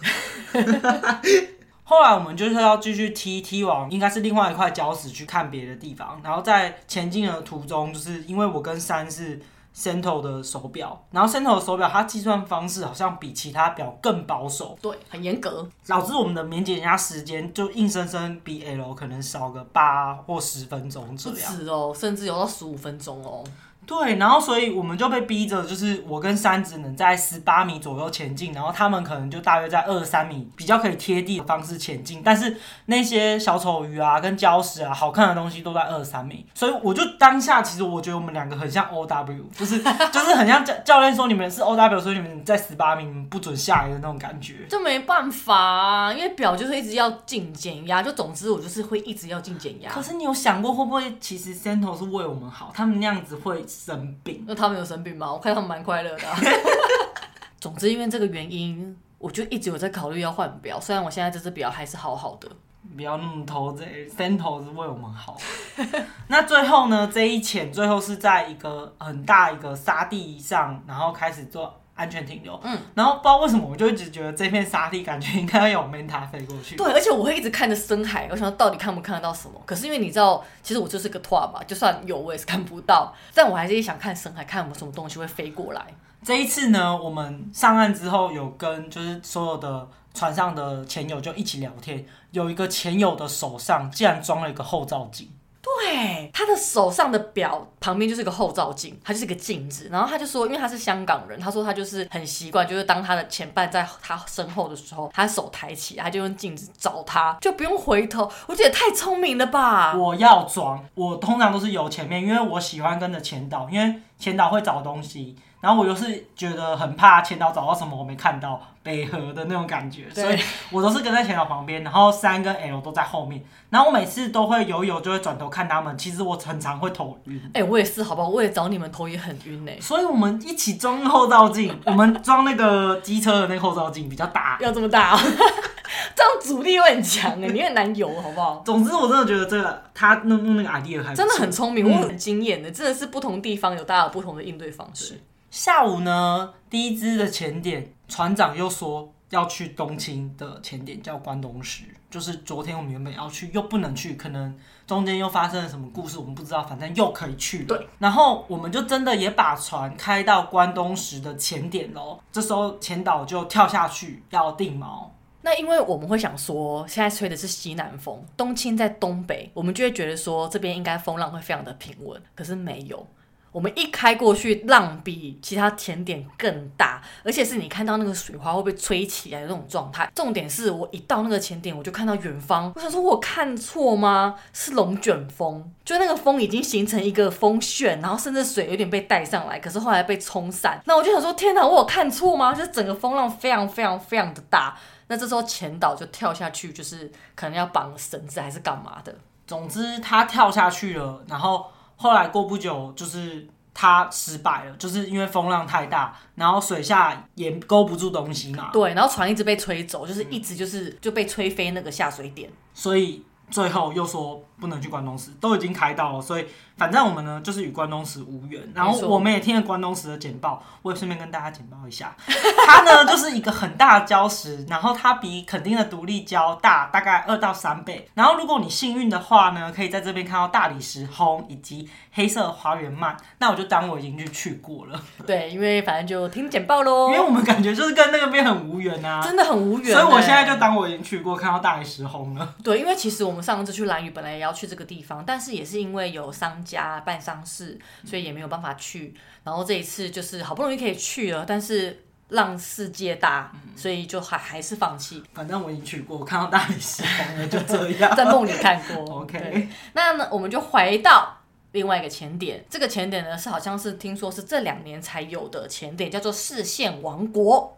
後來我們就是要繼續踢踢往，應該是另外一塊礁石去看別的地方，然後在前進的途中，就是因為我跟三是 Central 的手錶，然後 Central 的手錶它計算方式好像比其他表更保守，對，很嚴格，導致我們的免減壓時間就硬生生比 L 可能少個八或十分鐘這樣，不止哦，甚至有到十五分鐘哦。對，然後所以我們就被逼着，就是我跟三只能在十八米左右前進，然後他們可能就大約在二十三米，比較可以貼地的方式前進。但是那些小丑魚啊、跟礁石啊、好看的東西都在二十三米，所以我就當下其實我覺得我們兩個很像 O W，就是就是很像教教練說你們是 O W，所以你們在十八米不准下來的那種感覺。這沒辦法啊，因為表就是一直要進減壓，就總之我就是會一直要進減壓。可是你有想過會不會其實 Santo 是為我們好，他們那樣子會。生病？那他們有生病嗎？我看他們蠻快樂的啊。 *laughs* 總之，因為這個原因，我就一直有在考慮要換表。雖然我現在這支表還是好好的，不要那麼頭，這三頭是為我們好。 *laughs* 那最後呢？這一潛最後是在一個很大一個沙地上，然後開始做安全停留，嗯，然後不知道為什麼，我就一直覺得這片沙地感覺應該有 Manta 飛過去。對，而且我會一直看着深海，我想到,到底看不看得到什麼。可是因為你知道，其實我就是個 tour 吧，就算有我也是看不到。但我還是一想看深海，看沒有有什麼東西會飛過來。這一次呢，我們上岸之後有跟就是所有的船上的潛友就一起聊天，有一個潛友的手上竟然裝了一個後照鏡。對，他的手上的表旁邊就是個後照鏡，他就是個鏡子。然後他就說，因為他是香港人，他說他就是很習慣，就是當他的前伴在他身後的時候，他手抬起，他就用鏡子找他，就不用回頭。我覺得也太聰明了吧！我要裝，我通常都是有前面，因為我喜歡跟着前導，因為前導會找東西。然後我又是覺得很怕前導找到什麼我沒看到北河的那種感覺，所以我都是跟在前導旁邊，然後三個 L 都在後面。然後我每次都會游泳就會轉頭看他們，其實我很常會頭暈。哎、欸，我也是，好不好？我也找你們頭也很暈哎、欸。所以我們一起裝後照鏡，我們裝那個機車的那個後照鏡比較大，要這麼大，哦。 *laughs* 這樣阻力會很強哎，你很難游，好不好？ *laughs* 總之我真的覺得這個他弄弄那個 idea 很真的很聰明，我很驚艷的，真的是不同地方有大家有不同的應對方式。下午呢，第一支的潛點船長又說要去東清的潛點，叫關東石，就是昨天我們原本要去又不能去，可能中間又發生了什麼故事，我們不知道，反正又可以去了。對，然後我們就真的也把船開到關東石的潛點嘍。這時候潛導就跳下去要定錨。那因為我們會想說，現在吹的是西南風，東清在東北，我們就會覺得說這邊應該風浪會非常的平穩，可是沒有。我們一開過去，浪比其他潛點更大，而且是你看到那個水花會被吹起來的那種狀態。重點是我一到那個潛點，我就看到遠方，我想說我看錯嗎？是龍捲風，就那個風已經形成一個風旋，然後甚至水有點被帶上來，可是後來被沖散。那我就想說，天哪，我有看錯嗎？就是整個風浪非常非常非常的大。那這時候潛導就跳下去，就是可能要綁繩，繩子還是幹嘛的。總之他跳下去了，然後。後來過不久，就是他失敗了，就是因為風浪太大，然後水下也勾不住東西嘛。對，然後船一直被吹走，就是一直就是、嗯、就被吹飛那個下水點，所以最後又說。不能去東清石，都已經開到了，所以反正我們呢就是與東清石無緣。然後我們也聽了東清石的簡報，我也順便跟大家簡報一下。它呢 *laughs* 就是一個很大的礁石，然後它比墾丁的獨立礁大大概二到三倍。然後如果你幸運的話呢，可以在這邊看到大理石魟，以及黑色的花園鰻，那我就當我已經去去過了。對，因為反正就聽簡報嘍。因為我們感覺就是跟那個邊很無緣啊，真的很無緣欸。所以我現在就當我已經去過看到大理石魟了。對，因為其實我們上次去蘭嶼本來也要去這個地方，但是也是因為有商家辦喪事，所以也沒有辦法去、嗯。然後這一次就是好不容易可以去了，但是浪世界大，嗯、所以就還還是放棄。反正我已經去過，看到大理石，風了，就這樣， *laughs* 在夢裡看過。OK，那呢，我們就回到另外一個潛點，這個潛點呢是好像是聽說是這兩年才有的潛點，叫做視線王國。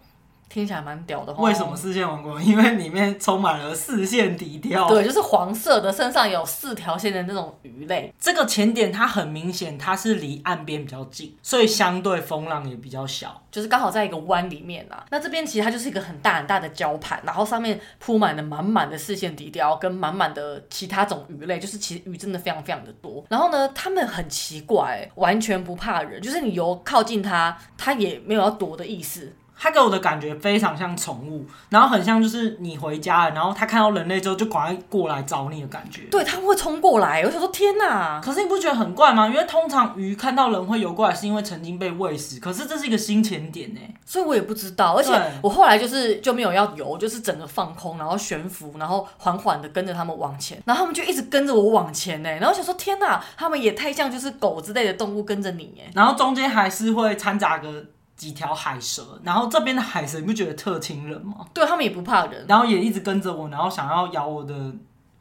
聽起來蠻屌的。為什麼四線王國？因為裡面充滿了四線笛鯛。 *laughs* 對，就是黃色的，身上有四條線的那種魚類。這個潛點它很明顯，它是離岸邊比較近，所以相對風浪也比較小，就是剛好在一個灣裡面啊。那這邊其實它就是一個很大很大的礁盤，然後上面鋪滿了滿滿的四線笛鯛，跟滿滿的其他種魚類，就是其實魚真的非常非常的多。然後呢，它們很奇怪、欸，完全不怕人，就是你游靠近它，它也沒有要躲的意思。它給我的感覺非常像寵物，然後很像就是你回家了，然後它看到人類之後就趕快過來找你的感覺。對，它們會衝過來，我想說天哪、啊！可是你不覺得很怪嗎？因為通常魚看到人會游過來，是因為曾經被餵食，可是這是一個新潛點呢、欸。所以我也不知道，而且我後來就是就沒有要游，就是整個放空，然後懸浮，然後緩緩的跟着他們往前，然後他們就一直跟着我往前呢、欸。然後我想說天哪、啊，他們也太像就是狗之類的動物跟着你、欸、然後中間還是會摻雜個。幾條海蛇，然後這邊的海蛇你不覺得特親人嗎？對，他們也不怕人，然後也一直跟着我，然後想要咬我的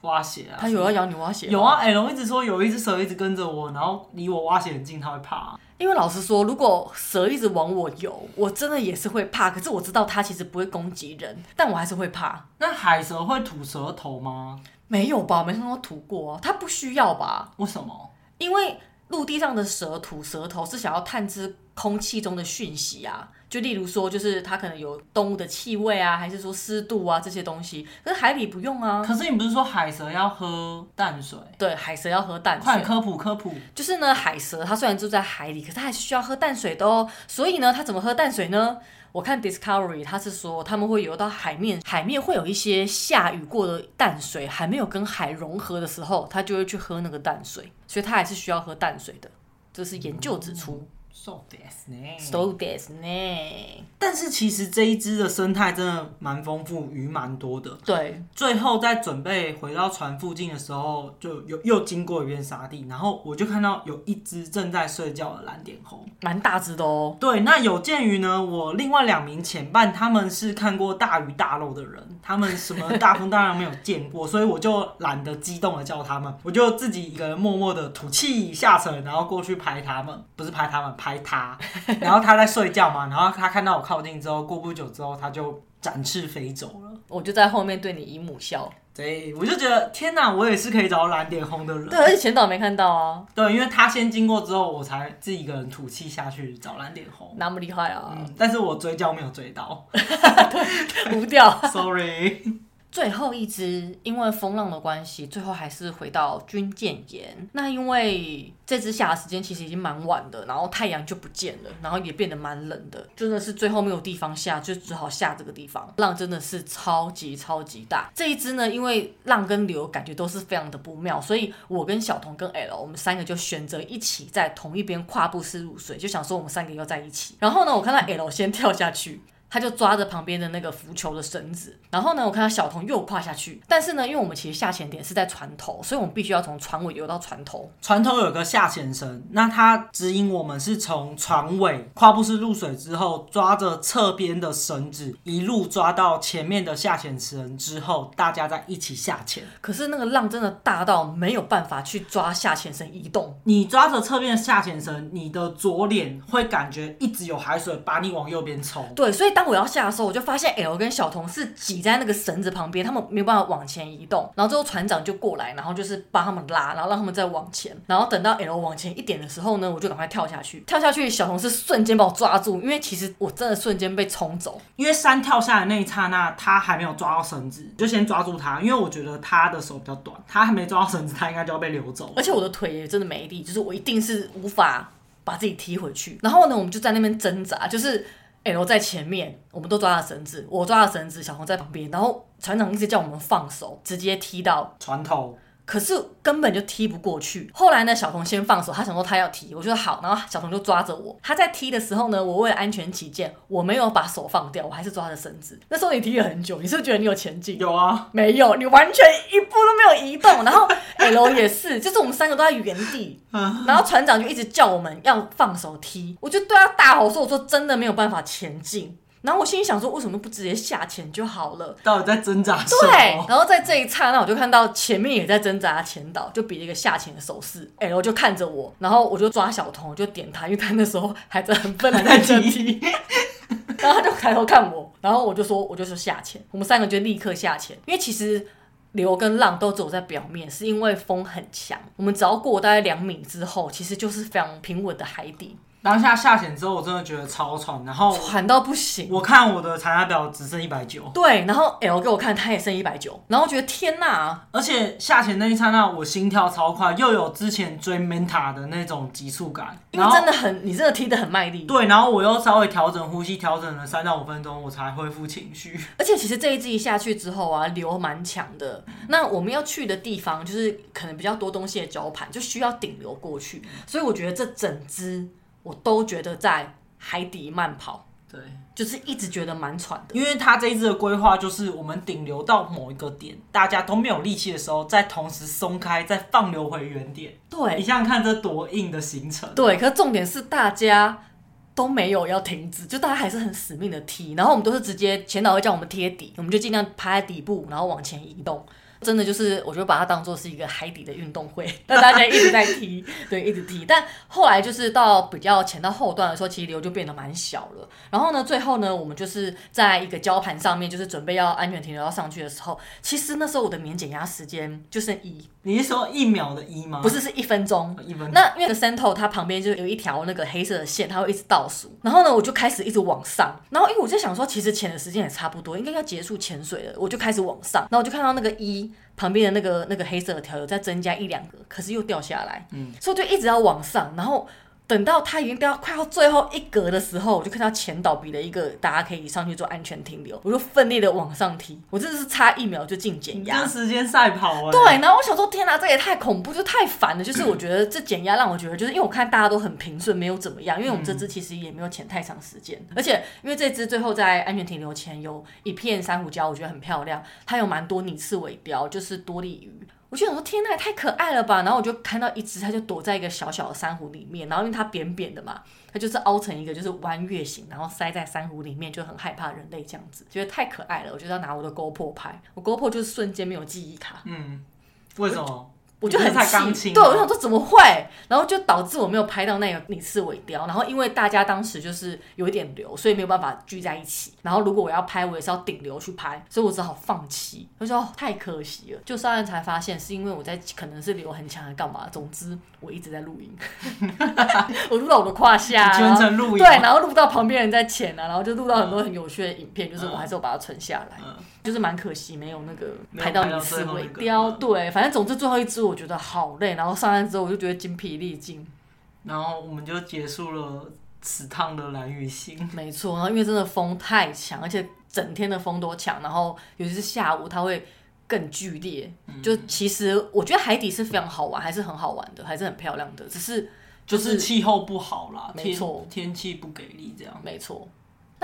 蛙鞋啊！它有要咬你蛙鞋？有啊，哎，我一直說有一隻蛇一直跟着我，然後離我蛙鞋很近，它會怕啊。因為老實說，如果蛇一直往我游，我真的也是會怕。可是我知道它其實不會攻擊人，但我還是會怕。那海蛇會吐舌頭嗎？沒有吧，沒看到吐過啊。它不需要吧？為什麼？因為陸地上的蛇吐舌頭是想要探知。空氣中的訊息啊，就例如說，就是它可能有動物的氣味啊，還是說濕度啊這些東西。可是海裡不用啊。可是你不是說海蛇要喝淡水？對，海蛇要喝淡水。快科普科普。就是呢，海蛇它雖然住在海裡，可是它還是需要喝淡水的哦。所以呢，它怎麼喝淡水呢？我看 Discovery，它是說他們會游到海面，海面會有一些下雨過的淡水還沒有跟海融合的時候，它就會去喝那個淡水。所以它還是需要喝淡水的，這是研究指出。嗯瘦點，但是其實這一只的生態真的蠻豐富，魚蠻多的。對，最後在準備回到船附近的時候，就有又經過一片沙地，然後我就看到有一隻正在睡覺的藍點魟，蠻大隻的哦。對，那有鑑於呢，我另外兩名潛伴他們是看過大魚大肉的人，他們什麼大風大浪沒有見過， *laughs* 所以我就懶得激動的叫他們，我就自己一個人默默的吐氣下沉，然後過去拍他們，不是拍他們，拍。拍他，然後他在睡覺嘛， *laughs* 然後他看到我靠近之後，過不久之後他就展翅飛走了，我就在後面對你姨母笑，對，我就覺得天哪，我也是可以找到藍點魟的人，對，而且前導沒看到啊，對，因為他先經過之後，我才自己一個人吐氣下去找藍點魟，那麼厲害啊、嗯，但是我追焦沒有追到， *laughs* 對，糊掉 *laughs* ，sorry。最後一支，因為風浪的關係，最後還是回到軍艦岩。那因為這支下的時間其實已經蠻晚的，然後太陽就不見了，然後也變得蠻冷的。就真的是最後沒有地方下，就只好下這個地方。浪真的是超級超級大。這一支呢，因為浪跟流感覺都是非常的不妙，所以我跟小童跟 L 我們三個就選擇一起在同一邊跨步式入水，就想說我們三個要在一起。然後呢，我看到 L 先跳下去。他就抓着旁邊的那個浮球的繩子，然後呢，我看到小童又跨下去，但是呢，因為我們其實下潛點是在船頭，所以我們必須要從船尾游到船頭。船頭有個下潛繩，那它指引我們是從船尾跨步式入水之後，抓着側邊的繩子，一路抓到前面的下潛繩之後，大家再一起下潛。可是那個浪真的大到沒有辦法去抓下潛繩移動，你抓着側邊的下潛繩，你的左臉會感覺一直有海水把你往右邊衝。對，所以當但我要下的時候，我就發現 L 跟小童是擠在那個繩子旁邊，他們沒辦法往前移動。然後最後船長就過來，然後就是幫他們拉，然後讓他們再往前。然後等到 L 往前一點的時候呢，我就趕快跳下去。跳下去，小童是瞬間把我抓住，因為其實我真的瞬間被沖走。因為山跳下來那一剎那，他還沒有抓到繩子，就先抓住他，因為我覺得他的手比較短，他還沒抓到繩子，他應該就要被流走。而且我的腿也真的沒力，就是我一定是無法把自己踢回去。然後呢，我們就在那邊掙扎，就是。欸，我在前面，我們都抓了繩子，我抓了繩子，小紅在旁邊，然後船長一直叫我們放手，直接踢到船頭。可是根本就踢不過去。後來呢，小童先放手，他想說他要踢，我就說好，然後小童就抓着我。他在踢的時候呢，我為了安全起見，我沒有把手放掉，我還是抓着繩子。那時候你踢了很久，你是不是覺得你有前進？有啊，沒有，你完全一步都沒有移動。然後 L 也是， *laughs* 就是我們三個都在原地。 *laughs* 然後船長就一直叫我們要放手踢，我就對他大吼說：“我說真的沒有辦法前進。”然後我心裡想說，為什麼不直接下潛就好了？到底在掙扎什麼？對，然後在這一剎那，我就看到前面也在掙扎前，潛導就比了一個下潛的手勢，哎，我就看着我，然後我就抓小童，我就點他，因為他那時候還在很笨在這裡，還在踢踢， *laughs* 然後他就抬頭看我，然後我就說，我就說下潛，我們三個就立刻下潛，因為其實流跟浪都走在表面，是因為風很強，我們只要過大概兩米之後，其實就是非常平穩的海底。當下下潛之後，我真的覺得超喘，然後喘到不行。我看我的殘壓表只剩一百九，對。然後 L 給我看，他也剩一百九。然後我覺得天吶。而且下潛那一剎那，我心跳超快，又有之前追 manta 的那種急促感。因為真的很，你真的踢得很賣力。對，然後我又稍微調整呼吸，調整了三到五分鐘，我才恢復情緒。而且其實這一只一下去之後啊，流蠻強的。那我們要去的地方就是可能比較多東西的礁盤，就需要頂流過去。所以我覺得這整支。我都覺得在海底慢跑，對，就是一直覺得蠻喘的，因為他這一次的規劃就是我們頂流到某一個點，大家都沒有力氣的時候，再同時鬆開，再放流回原點。對，你想想看這多硬的行程。對，可是重點是大家都沒有要停止，就大家還是很死命的踢，然後我們都是直接前導會叫我們貼底，我們就盡量趴在底部，然後往前移動。真的就是，我就把它當做是一個海底的運動會，那大家一直在踢， *laughs* 對，一直踢。但後來就是到比較前到後段的時候，其實流就變得蠻小了。然後呢，最後呢，我們就是在一個礁盤上面，就是準備要安全停留要上去的時候，其實那時候我的免減壓時間就剩一，你是說一秒的一嗎？不是，是一分鐘。一分鐘。那因為個 Suunto 它旁邊就有一條那個黑色的線，它會一直倒數。然後呢，我就開始一直往上。然後因為我在想說，其實潛的時間也差不多，應該要結束潛水了，我就開始往上。然後我就看到那個一。旁邊的那個那個黑色的條有再增加一兩個，可是又掉下來，嗯，所以就一直要往上，然後。等到它已經掉快到最後一格的時候，我就看到前倒閉的一個大家可以上去做安全停留，我就奮力的往上踢，我真的是差一秒就進減壓，跟時間賽跑了對，然後我想說，天哪，啊，這也太恐怖，就太煩了。就是我覺得這減壓讓我覺得，就是因為我看大家都很平順，沒有怎麼樣。因為我們這支其實也沒有潛太長時間，嗯，而且因為這支最後在安全停留前有一片珊瑚礁，我覺得很漂亮。它有蠻多擬刺尾鯛，就是多利魚。我就想說，天哪，太可愛了吧！然後我就看到一隻，它就躲在一個小小的珊瑚裡面。然後因為它扁扁的嘛，它就是凹成一個就是彎月形，然後塞在珊瑚裡面，就很害怕人類這樣子，覺得太可愛了。我就要拿我的 GoPro 拍，我 GoPro 就是瞬間沒有記憶卡。嗯，為什麼？我就很氣，對，我想說怎麼會？然後就導致我沒有拍到那個擬刺尾鯛。然後因為大家當時就是有一點流，所以沒有辦法聚在一起。然後如果我要拍，我也是要頂流去拍，所以我只好放棄。我就說太可惜了。就上岸才發現，是因為我在可能是流很強，還幹嘛？總之我一直在錄音， *laughs* *laughs* 我錄到我的胯下，錄音，對，然後錄到旁邊人在潛啊，然後就錄到很多很有趣的影片，嗯、就是我還是有把它存下來。嗯嗯就是蠻可惜，沒有那個拍到一次尾雕。對，反正總之最後一隻，我覺得好累，然後上岸之後我就覺得筋疲力盡。然後我們就結束了此趟的蘭嶼行。沒錯，然後因為真的風太強，而且整天的風都強，然後尤其是下午它會更劇烈，嗯。就其實我覺得海底是非常好玩，還是很好玩的，還是很漂亮的，只是就是氣、就是、氣候不好啦。沒錯，天氣不給力，這樣沒錯。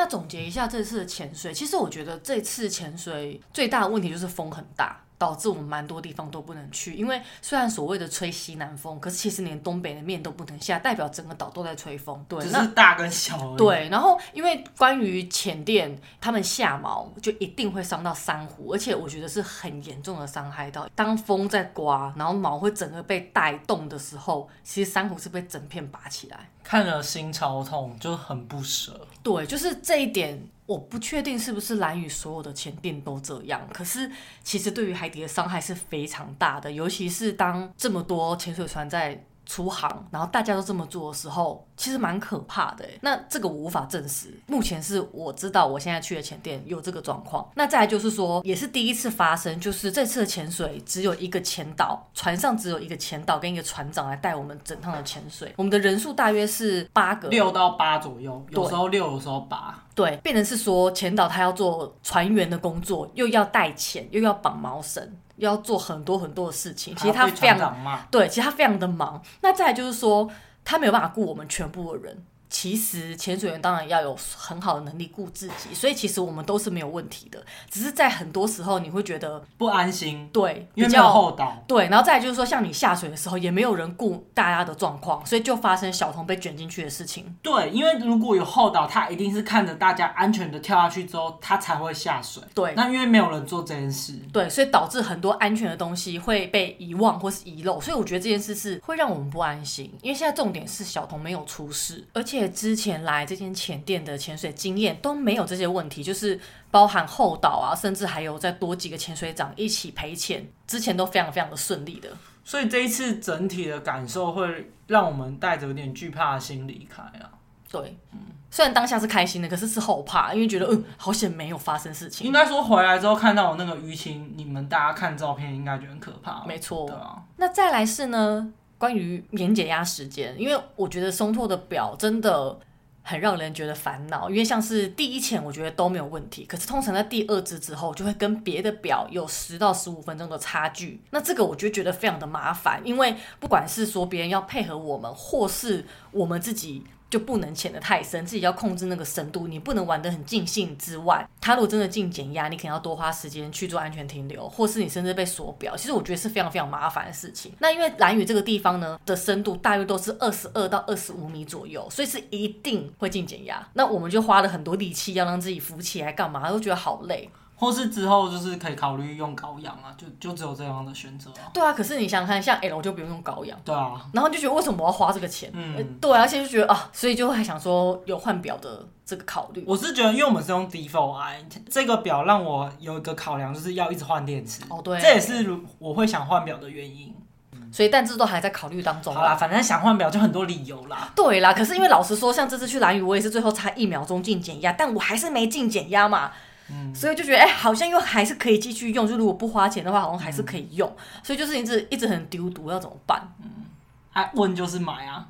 那總結一下這次的潛水，其實我覺得這次潛水最大的問題就是風很大。導致我們蠻多地方都不能去，因為雖然所謂的吹西南風，可是其實連東北的面都不能下，代表整個島都在吹風。對，只是大跟小。對，然後因為關於潛點，他們下錨就一定會傷到珊瑚，而且我覺得是很嚴重的傷害到。到當風在刮，然後錨會整個被帶動的時候，其實珊瑚是被整片拔起來，看了心超痛，就很不捨。對，就是這一點。我不確定是不是蘭嶼所有的潛點都這樣，可是其實對於海底的傷害是非常大的，尤其是當這麼多潛水船在。出行，然後大家都這麼做的時候，其實蠻可怕的、欸。那這個我無法證實，目前是我知道，我現在去的潛店有這個狀況。那再來就是說，也是第一次發生，就是這次的潛水只有一個潛導，船上只有一個潛導跟一個船長來帶我們整趟的潛水。我們的人數大約是八個，六到八左右，有時候六，有時候八。對，變成是說潛導他要做船員的工作，又要帶潛，又要綁毛繩。要做很多很多的事情，其實他非常的忙，對，其實他非常的忙。那再來就是說，他沒有辦法顧我們全部的人。其實潛水員當然要有很好的能力顧自己，所以其實我們都是沒有問題的，只是在很多時候你會覺得不安心，對，因為沒有後導，對，然後再來就是說，像你下水的時候也沒有人顧大家的狀況，所以就發生小童被捲進去的事情。對，因為如果有後導，他一定是看着大家安全的跳下去之後，他才會下水。對，那因為沒有人做這件事，對，所以導致很多安全的東西會被遺忘或是遺漏，所以我覺得這件事是會讓我們不安心，因為現在重點是小童沒有出事，而且。之前來這間潛店的潛水經驗都沒有這些問題，就是包含後島啊，甚至還有再多幾個潛水長一起陪潛。之前都非常非常的順利的。所以這一次整體的感受會讓我們帶着有點懼怕的心離開啊。對，嗯，雖然當下是開心的，可是是後怕，因為覺得嗯，好險沒有發生事情。應該說回來之後看到我那個淤青，你們大家看照片應該覺得很可怕。沒錯。對啊。那再來是呢？關於免減壓時間，因為我覺得松拓的表真的很讓人覺得煩惱，因為像是第一潛，我覺得都沒有問題，可是通常在第二支之後就會跟別的表有十到十五分鐘的差距，那這個我就覺得非常的麻煩，因為不管是說別人要配合我們，或是我們自己。就不能潛得太深，自己要控制那個深度。你不能玩得很盡興之外，他如果真的進減壓，你肯定要多花時間去做安全停留，或是你甚至被鎖表。其實我覺得是非常非常麻煩的事情。那因為蘭嶼這個地方呢的深度大約都是二十二到二十五米左右，所以是一定會進減壓。那我們就花了很多力氣要讓自己浮起來幹，幹嘛都覺得好累。或是之後就是可以考慮用高氧啊，就就只有這樣的選擇。對啊，可是你想想看，像 L 就不用用高氧。對啊，然後你就覺得為什麼我要花這個錢？嗯，欸、對、啊，而且就覺得啊，所以就還想說有換表的這個考慮。我是覺得，因為我們是用 Default，這個表讓我有一個考量，就是要一直換電池。哦，對，這也是我會想換表的原因。嗯、所以，但這都還在考慮當中、啊。好啦、啊，反正想換表就很多理由啦。對啦，可是因為老實說，像這次去蘭嶼，我也是最後差一秒鐘進減壓，但我還是沒進減壓嘛。嗯、所以就覺得哎、欸，好像又還是可以繼續用，就如果不花錢的話，好像還是可以用。嗯、所以就是一直一直很丟毒，要怎麼辦、嗯啊？問就是買啊，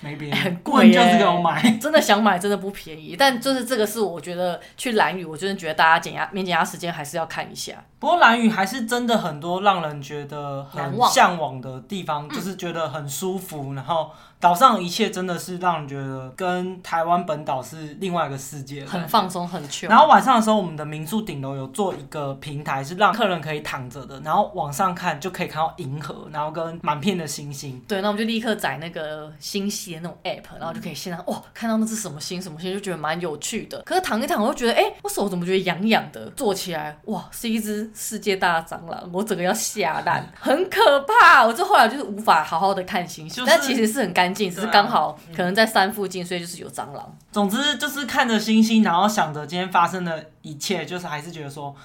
沒別的，很貴、欸欸，就是給我買，真的想買，真的不便宜。 *laughs* 但就是這個是我覺得去蘭嶼，我真的覺得大家減壓、免減壓時間還是要看一下。不過蘭嶼還是真的很多讓人覺得很向往的地方，就是覺得很舒服，嗯、然後。島上的一切真的是讓人覺得跟台灣本島是另外一個世界，很放鬆，很。然後晚上的時候，我們的民宿頂樓有做一個平台，是讓客人可以躺着的，然後往上看就可以看到銀河，然後跟滿片的星星。對，那我們就立刻載那個星系的那種 app，然後就可以現在哇看到那是什麼星什麼星，就覺得蠻有趣的。可是躺一躺，我就覺得哎、欸，我手怎麼覺得癢癢的。坐起來哇，是一隻世界大的蟑螂，我整個要嚇爛，很可怕。我這後來就是無法好好的看星星，就是、但其實是很乾。只是剛好可能在山附近，啊嗯，所以就是有蟑螂。總之就是看着星星，然後想着今天發生的一切，就是還是覺得說，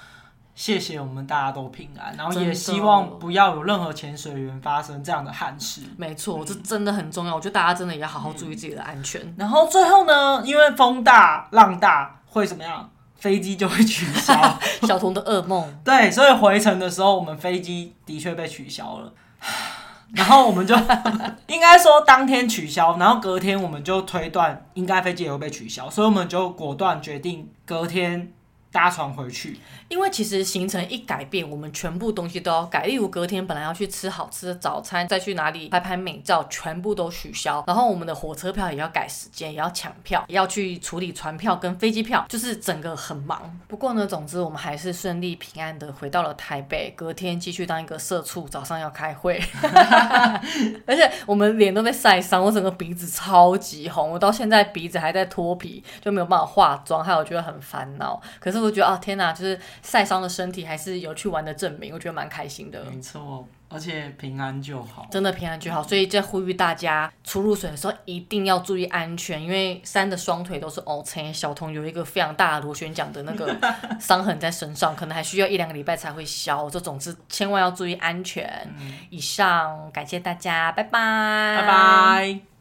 謝謝我們大家都平安，嗯、然後也希望不要有任何潛水員發生這樣的憾事。沒錯，這真的很重要，我覺得大家真的也要好好注意自己的安全。嗯、然後最後呢，因為風大浪大會怎麼樣？飛機就會取消， *laughs* 小童的噩夢。對，所以回程的時候，我們飛機的確被取消了。 *laughs* 然後我們就應該說當天取消，然後隔天我們就推斷應該飛機也會被取消，所以我們就果斷決定隔天，搭船回去，因為其實行程一改變，我們全部東西都要改。例如隔天本來要去吃好吃的早餐，再去哪裡拍拍美照，全部都取消。然後我們的火車票也要改時間，也要搶票，也要去處理船票跟飛機票，就是整個很忙。不過呢，總之我們還是順利平安的回到了台北。隔天繼續當一個社畜，早上要開會， *laughs* *laughs* 而且我們臉都被曬傷，我整個鼻子超級紅，我到現在鼻子還在脫皮，就沒有辦法化妝，還有我覺得很煩惱。可是。我覺得、哦、天哪，就是曬傷的身體還是有去玩的證明，我覺得蠻開心的。沒錯，而且平安就好，真的平安就好。所以在呼籲大家出入水的時候一定要注意安全，因為山的雙腿都是 o 天，小童有一個非常大的螺旋槳的那個傷痕在身上， *laughs* 可能還需要一兩個禮拜才會消。這總之千萬要注意安全、嗯。以上，感謝大家，拜拜，拜拜。